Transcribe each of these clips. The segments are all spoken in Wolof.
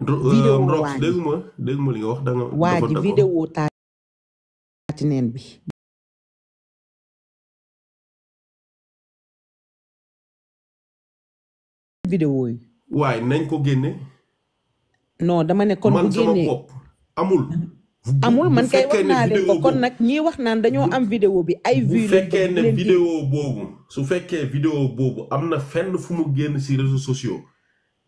vidéo euh, waa ma dégg wax da nga. waa ji waaye nañ ko génne. non dama ne kon bu génnee man sama bopp amul. amul man kay wax naa leen ko kon nag ñii wax naan dañoo am vidéo bi ay vues bu boobu su fekkee vidéo boobu am na fenn fu mu génn si réseaux sociaux.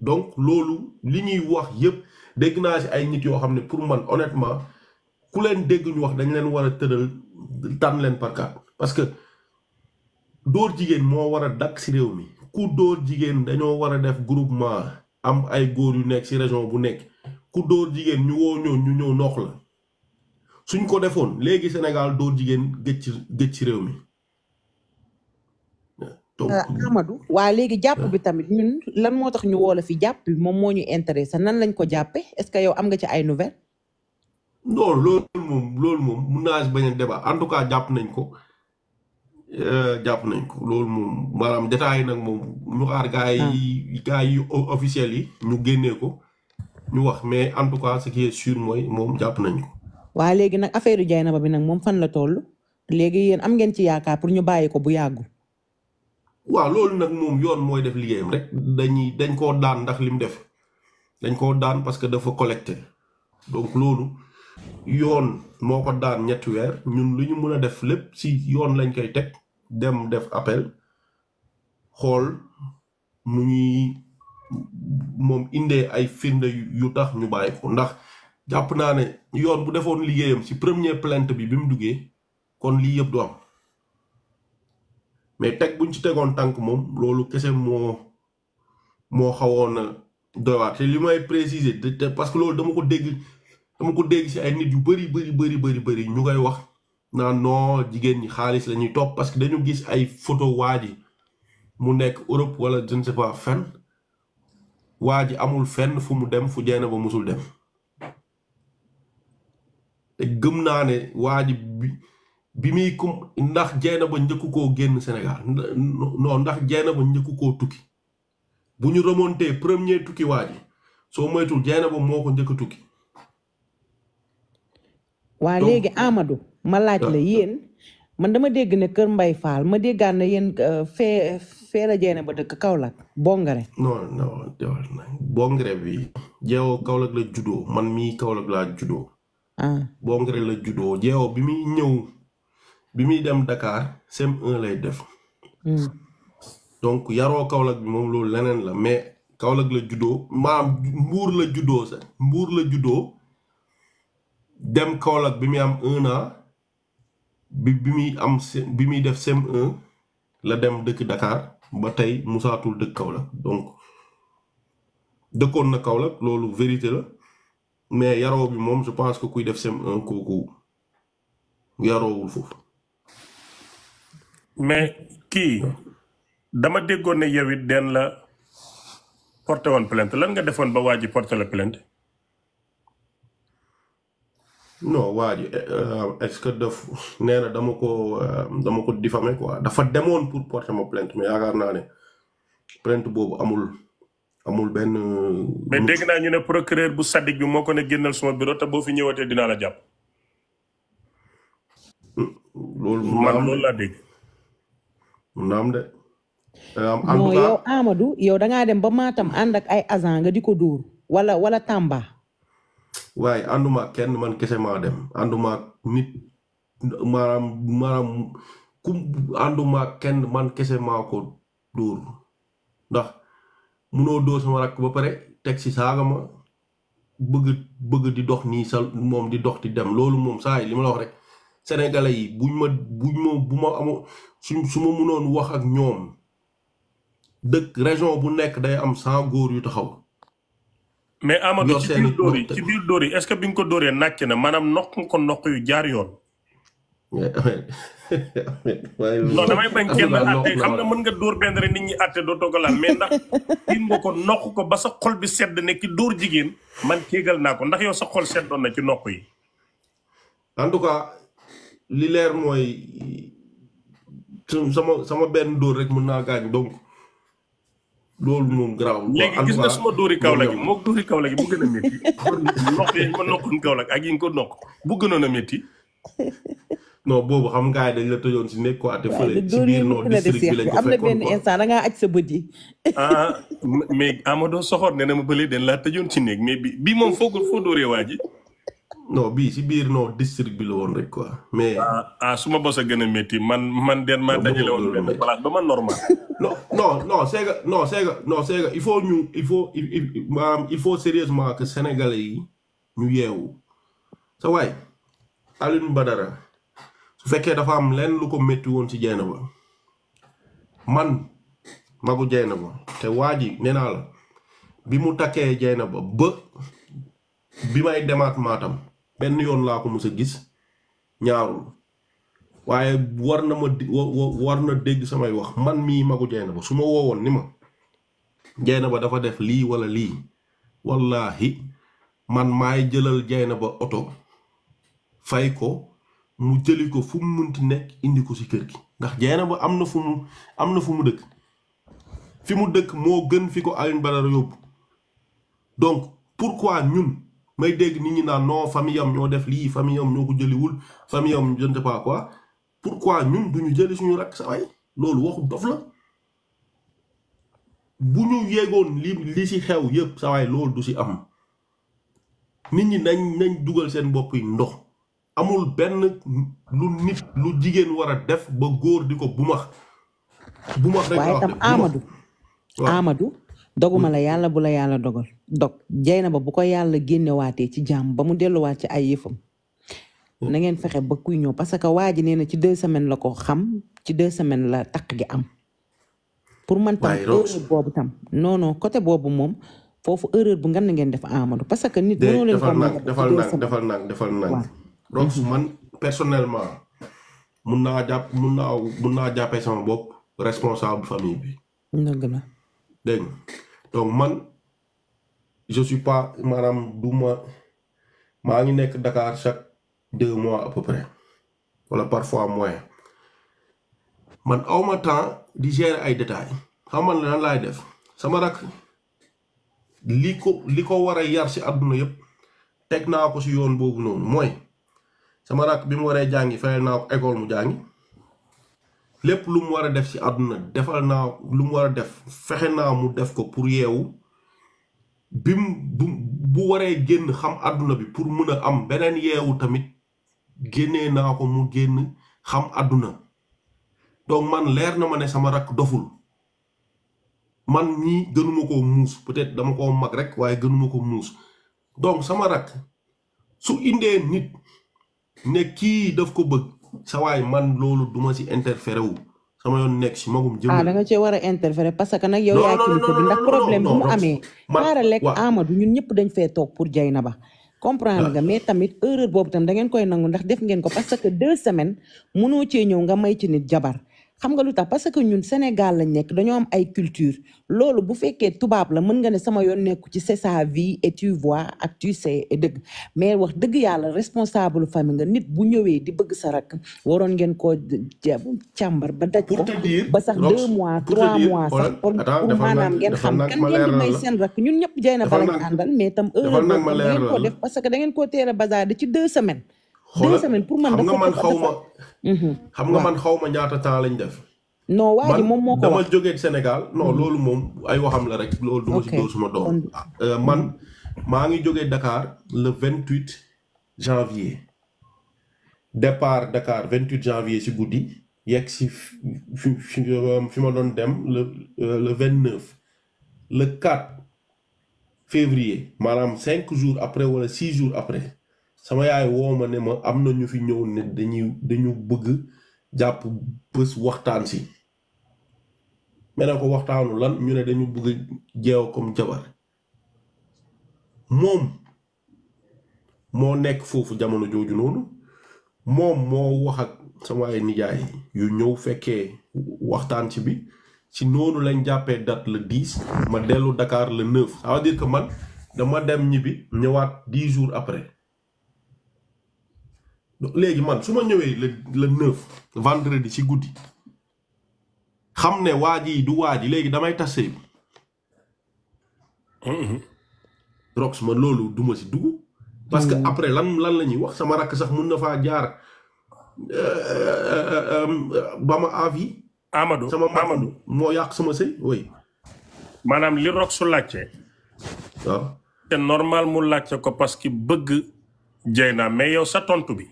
donc loolu li ñuy wax yépp dégg ci ay pour man honnêtement ku leen dégg ñu wax dañ leen war a parce que door jigéen moo war a de mi ku ont jigéen dañoo def groupement am ay yu nekk région bu nekk ku door jigéen ñu woo ñu ñëw nox la suñ ko defoon léegi Sénégal door jigéen Euh, Amadou waa léegi jàpp bi tamit ñun lan moo tax ñu woola fi jàpp moom moo ñu intéressé nan lañ ko jàppe est que yow am nga ci ay nouvelle non loolu loolu moom mun naa bañ a débat en tout cas jàpp nañ ko euh, jàpp nañ ko loolu maanaam détails yi nag moom ñu xaar gars yi ah. gars yi officiels ñu génnee ko ñu wax mais en tout cas ce qui est sûr mooy moom jàpp nañ ko waa léegi nag affaire Dieynaba bi nag moom fan la toll léegi yéen am ngeen ci yaakaar pour ñu bàyyi ko bu yàggu waaw loolu nag moom yoon mooy def liggéeyam rek dañuy dañ koo daan ndax li mu def dañ koo daan parce que dafa collecté donc loolu yoon moo ko daan ñetti weer ñun lu ñu mën a def lépp si yoon lañ koy teg dem def appel xool mu ñuy moom indee ay firnde yu tax ñu bàyyi ko ndax jàpp naa ne yoon bu defoon liggéeyam si premier plainte bi bi mu duggee kon lii yëpp du am mais teg buñ ci tegoon tànk moom loolu kese moo moo xawoon na doy te li may préciser te parce que loolu dama ko dégg dama ko dégg ci ay nit yu bëri bëri bëri bëri bëri ñu koy wax naa noo jigéen ñi xaalis la ñuy topp parce que dañu gis ay photo waa ji mu nekk Europe wala je ne sais pas waa ji amul fenn fu mu dem fu jeene ba musul dem te gëm naa ne waa bimi muy kum ndax jeena ba njëkku ko genn Sénégal no ndax jeena ba tuki. ko tukki bu ñu remonté premier tukki waji so moytul jeena ba moko ko tukki wa léegi Amadou ma laaj la ah. yeen man dama dégg ne Kër Mbay Faal ma déggaan na yeen euh, fee fee la jeena ba dëkk kaolak Bongare non non Bongare bi jeewoo kaolak la judo. man kaolak la judo. ah Bongare la judo jeewoo bi muy ñëw bi muy dem dakaar CM1 lay def. Hmm. donc yaroo Kaolack bi moom loolu leneen la mais Kaolack la juddoo mbaam mbuur la juddoo sax mbuur la juddoo dem Kaolack bi muy am un an bi bi muy am bi muy def sem 1 la dem dëkk Dakar ba tey musaatul dëkk Kaolack donc dëkkoon na Kaolack loolu vérité la mais yaroo bi moom je pense que kuy def CM1 kooku yaroowul foofu. mais ki dama déggone ne den la porté won plainte lan nga defone ba waji ji porté la plainte. non waji ji eh, euh, est-ce que def néna dama ko euh, dama ko diffamé quoi dafa démon pour porter ma plainte mais yaakaar na né plainte bobu amul amul ben euh, mais dégg na ñu né procureur bu sadik bi moko né gënal suma bureau ta bo fi ñëwaté dina la japp hmm, loolu man loolu la dégg. Namde. na am de. en yo Amadou da nga dem ba Matam andak ay agent nga di ko wala wala Tamba. way anduma kenn man kesse ma dem anduma nit maram maram kum anduma kenn man kesse ma ko dur ndax munoo do sama rak ba pare tek ci sagama ma bëgg bëgg di dox ni sal mom di dox di dem loolu mom say yi la wax rek. sénégalais yi bu ma buñ bu ma amoon su su ma mënoon wax ak ñoom dëkk région bu nekk day am cent góor yu taxaw. mais Amadou ci biir dóor yi ci biir dóor yi est-ce que bi ko dóoree nàcc na maanaam noq ko noq yu jaar yoon. non damay bañ kenn àtte xam nga mën nga dóor benn nit ñi àtte doo toggalaat mais ndax ko ba sa xol bi sedd ne ki dóor jigéen man kéegal naa ko ndax yow sa xol seddoon na ci noq yi. en li leer mooy sama sama benn dóor rek mën naa gaañ donc loolu moom garaaw. léegi gis nga suma dóori Kaolack gi moog dóori Kaolack gi bu ak yi nga ko nokk bu gënoon a métti. non boobu xam nga dañ la tëjoon si nekk quoi te fële. lañ am na benn instant da ngaa sa bët yi. ah mais Amadou Soxor nee na ma bële dañ laa tëjoon si néeg mais bi bii moom foo ko foo dóoree waa ji. no bii si biir noo district bi la woon rek quoi mais. Ah, ah su ma bos a gën a métti man man den ma dajale woon benn place ba ma normal. non non non c'est que non c'est il faut ñu il faut maanaam il faut sérieusement que sénégalais yi ñu yeewu sa waay Alioune Badara su fekkee dafa am leen lu ko métti woon si Dieynaba man magu Dieynaba te waa ji nee naa la bi mu takkee Dieynaba ba bi may demaat maatam. benn yoon laa ko mës a gis ñaarul waaye war na ma war na dégg samay wax man mii magu ba su ma woowoon ni ma ba dafa def lii wala lii wallaahi man maay jëlal Jeynaba oto fay ko mu jëli ko fu mu munti nekk indi ko ci kër gi ndax ba am na fu mu am na fu mu dëkk fi mu dëkk moo gën fi ko Alioune Badara yóbbu donc pourquoi ñun may dégg nit ñi non famille am ñoo def lii famille am ñoo ko famille am je ne sais pas quoi pourquoi ñun duñu jëli suñu rakk sa way loolu waxu dof la bu ñu yeggoon li li ci xew yépp sa way loolu du ci am nit ñi nañ nañ dugal seen bopp yi ndox amul benn lu nit lu jigéen war def ba góor di ko qui wax Amadou Amadou doguma la yàlla bu la yàlla dogal dog jay na ba bu ko yàlla génnewaatee ci jàmm ba mu delluwaat ci ay yëfam na ngeen fexe ba kuy ñëw parce que waa ji nee na ci deux semaines la ko xam ci deux semaines la takk gi am pour man tam erreur boobu tam non non côté boobu moom foofu erreur bu ngan na ngeen def Amadou parce que nit mënoo leen ko mën defal nag defal nag defal nag donc man personnellement mun naa jàpp mun naa mun naa jàppee sama bopp responsable famille bi dëgg la dégg nga donc man je suis pas maanaam du ma maa ngi nekk dakaar chaque deux mois à peu près wala parfois moins man awma temps di gérer ay détails xam man lan laay def sama rak li ko li ko war a yar si àdduna yëpp teg naa ko si yoon boobu noonu mooy sama rak bi mu waree jàngi fayal naa ko école mu jàngi lépp lu mu war a def ci àdduna defal naa lu mu war a def fexe naa mu def ko pour yeewu bim bu bu waree génn xam àdduna bi pour mën a am beneen yeewu tamit génnee naa ko mu génn xam àdduna donc man leer na ma ne sama rakk doful man mii gënuma ko muus peut-être dama ko mag rek waaye gënuma ko muus donc sama rakk su indee nit ne kii daf ko bëgg sa waay man loolu du ma si interféré wu sama yoon nekk si magum jëm. ah da nga cee war a interféré parce que nag yow. yaa kilifa bi ndax problème bu mu amee. xaaral lekk Amadou ñun ñëpp dañ fee toog pour na ba comprendre ah. nga mais tamit erreur boobu tam da ngeen koy nangu ndax def ngeen ko parce que deux semaines mënoo cee ñëw nga may ci nit jabar. xam nga lu tax parce que ñun Sénégal lañ nekk dañoo am ay culture loolu bu fekkee tubaab la mën nga ne sama yoon nekku ci c'est sa vie et tu vois ak tu mais wax dëgg yàlla responsable famille nga nit bu ñëwee di bëgg sa rak waroon ngeen koo càmbar ba daj ko ba deux mois trois mois sax pour maanaam ngeen xam kan ngeen di may seen rak ñun ñëpp jay na ba lañ àndal mais tam heure da ngeen ko def parce que da ngeen koo teel a bazarder ci deux semaines Mhm. xam nga man xawma ñaata temps lañ def non waaji moom moo ko dama jógee Sénégal non mhm. loolu moom ay waxam la rek loolu duma si doon suma doom ah, euh, man maa ngi jógee Dakar le 28 janvier départ Dakar 28 janvier si guddi yegg si fi euh, dem le euh, le 29 le 4 février 5 jours après wala 6 jours après sama yaay wooma ne ma am na ñu fi ñëw ne dañuy dañu bëgg waxtaan ko waxtaanu comme jabar moom moo nekk foofu jamono jooju noonu moom moo wax ak sama nijaay yu ñëw waxtaan ci bi ci date le 10 ma Dakar le 9 ça veut dire que man dama dem ñibi 10 jours après donc léegi man su ma ñëwee le le neuf vendredi ci guddi xam ne waa ji du waa léegi damay tas sëy bi mhm. rox ma loolu duma si dugg parce que mhm. après lan lan la ñuy wax sama rakk sax mun na faa jaar euh, euh, euh, ba ma avis Amadou sama amado moo yàq sama sëy oui maanaam li rox su laajte waaw te normal mu laajte ko parce que bëgg jey naa mais yow sa tontu bi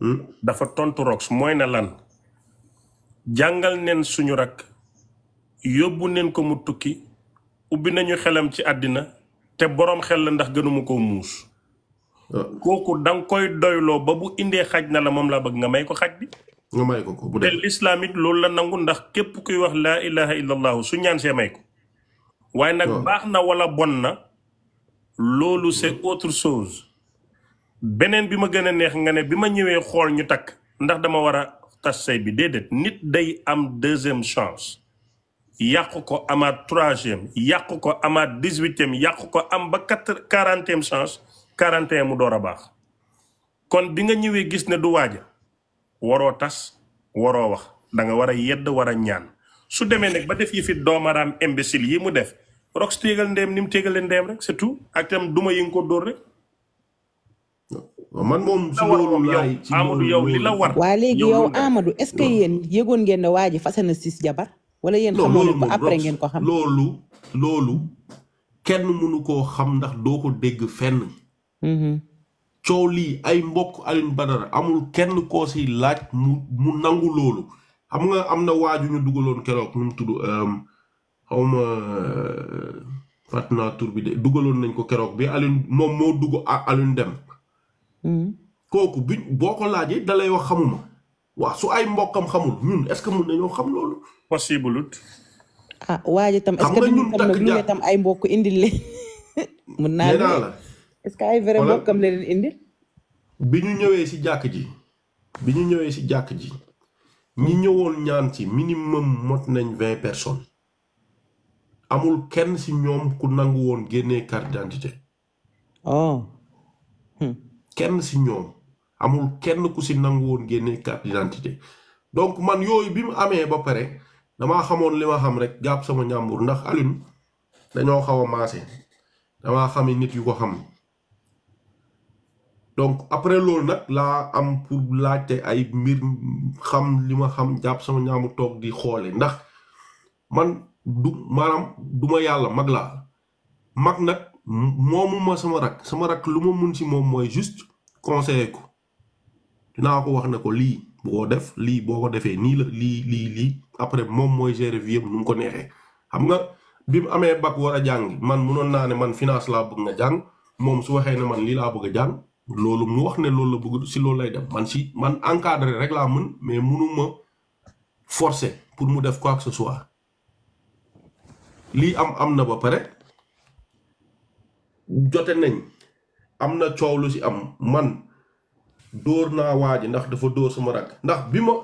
Hmm? dafa tontu rox mooy na lan jàngal neen suñu rak yóbbu neen ko mu tukki ubbi nañu xelam ci àddina te boroom xel la ndax gënuma koo muus ah. kooku danga koy doyloo ba bu indee xaj na la moom laa bëgg nga may ko xaj bi nga may bu dee lislaam loolu la nangu ndax képp kuy wax laa ilaha illallah su ñaan see may ko waaye nag ah. baax na wala bon na loolu c'est hmm. autre chose beneen bi ma gën a neex nga ne bi ma ñëwee xool ñu takk ndax dama war a tas say bi déedéet nit day am deuxième chance yàq ko amaat troisième yàq ko amaat dix-huitième yàq ko am ba quatre quarantième chance quarante mu door a baax kon bi nga ñëwee gis ne du waaja waroo tas waroo wax da nga war a yedd war a ñaan su demee nag ba def yi fi doomaraam imbécile yi mu def rox téegal ndeem ni mu téegalee ndeem rek c'est tout ak tam duma yi nga ko dóor rek man moom si loolu laay ci Amadou yow li la war. waa léegi yow Amadou est-ce yëgoon ngeen ne waa ji fase na sis jabar. wala yéen xamoo leen ko après ngeen ko xam. loolu loolu kenn mënu koo xam ndax doo ko dégg fenn. Mm-hmm. coow lii ay mbokk Alioune Badara amul kenn koo si laaj mu nangu loolu xam nga am na waaju ñu dugaloon keroog nu mu tudd euh, xaw ma euh, fàtt naa tur bi de dugaloon nañ ko keroog bi Alioune moom moo dugg Alioune dem Hmm. kooku biñ boo ko laajee da lay wax xamuma waa su ay mbokkam xamul ñun est-ce que mun nañoo xam loolu. possible lut. ah waa ji tam est-ce ñun tam nag ay mbokk indil leen. mun naa la est-ce bi ñu ñëwee si jàkk ji bi ñu ñëwee si jàkk ji ñi ñëwoon ñaan ci minimum mot nañ vingt personnes amul kenn si ñoom ku nangu woon génne carte kenn si ñoom amul kenn ku si nangu woon génne carte d'identité donc man yooyu bi mu amee ba pare damaa xamoon li ma xam rek jàpp sama ñàmbur ndax Alioune xaw a maase damaa xami nit yu ko xam donc loolu nag laa am pour laajte ay mbir li ma xam jàpp sama ñàmbur toog di xoole ndax man du maanaam duma yàlla mag laa mag nag moomu ma sama rak sama rak lu ma mun si moom mooy juste conseillé ko dinaa ko wax ne ko lii bu def lii boo ko defee nii la lii lii lii après moom mooy gérer vie yëpp nu mu ko neexee xam nga bi mu amee bac war a jàng man mënoon naa ne man finance laa bëgg na jàng moom su waxee ne man lii laa bëgg a jàng loolu mu wax ne loolu la bëgg si loolu lay dem man si man encadré rek laa mën mais mënuma forcé pour mu def ko que ce soit lii am am na ba pare jote nañ am na coow lu si am man dóor naa waa ji ndax dafa dóor sama rakk ndax bi ma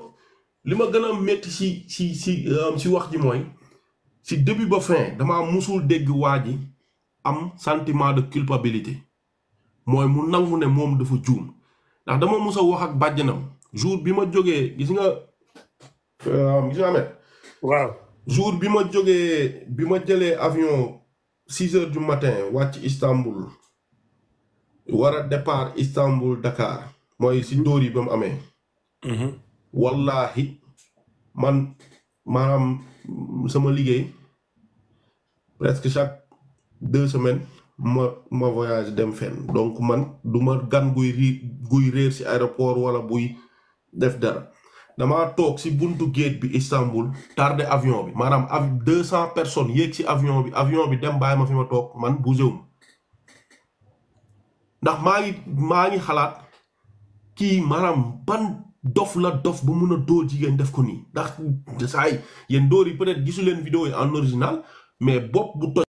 li ma gën a métti si si si si euh, wax ji mooy si début ba fin dama mosul dégg waa ji am sentiment de culpabilité mooy mu nangu ne moom dafa juum ndax dama mus a wax ak bàjjanam jour bi ma jógee gis nga euh, gis nga amet waaw jour bi ma jógee bi ma jëlee avion six heures du matin wàcc Istanbul war a départ Istanbul Dakar mooy si ndóor yi ba mu amee. Mhm. wallaahi man maanaam sama liggéey presque chaque deux semaines ma ma voyage dem fenn donc man duma gan guy ri guy réer si aéroport wala buy def dara damaa toog si buntu géej bi Istanbul tarde avion bi maanaam av deux cent personnes yéeg si avion bi avion bi dem bàyyi ma fi ma toog man bu wu ndax maa ngi maa ngi xalaat kii maanaam ban dof la dof bu mun a dóor jigéen def ko nii ndax saa yi yéen dóor yi peut-être gisu leen vidéo yi en original mais bopp bu toj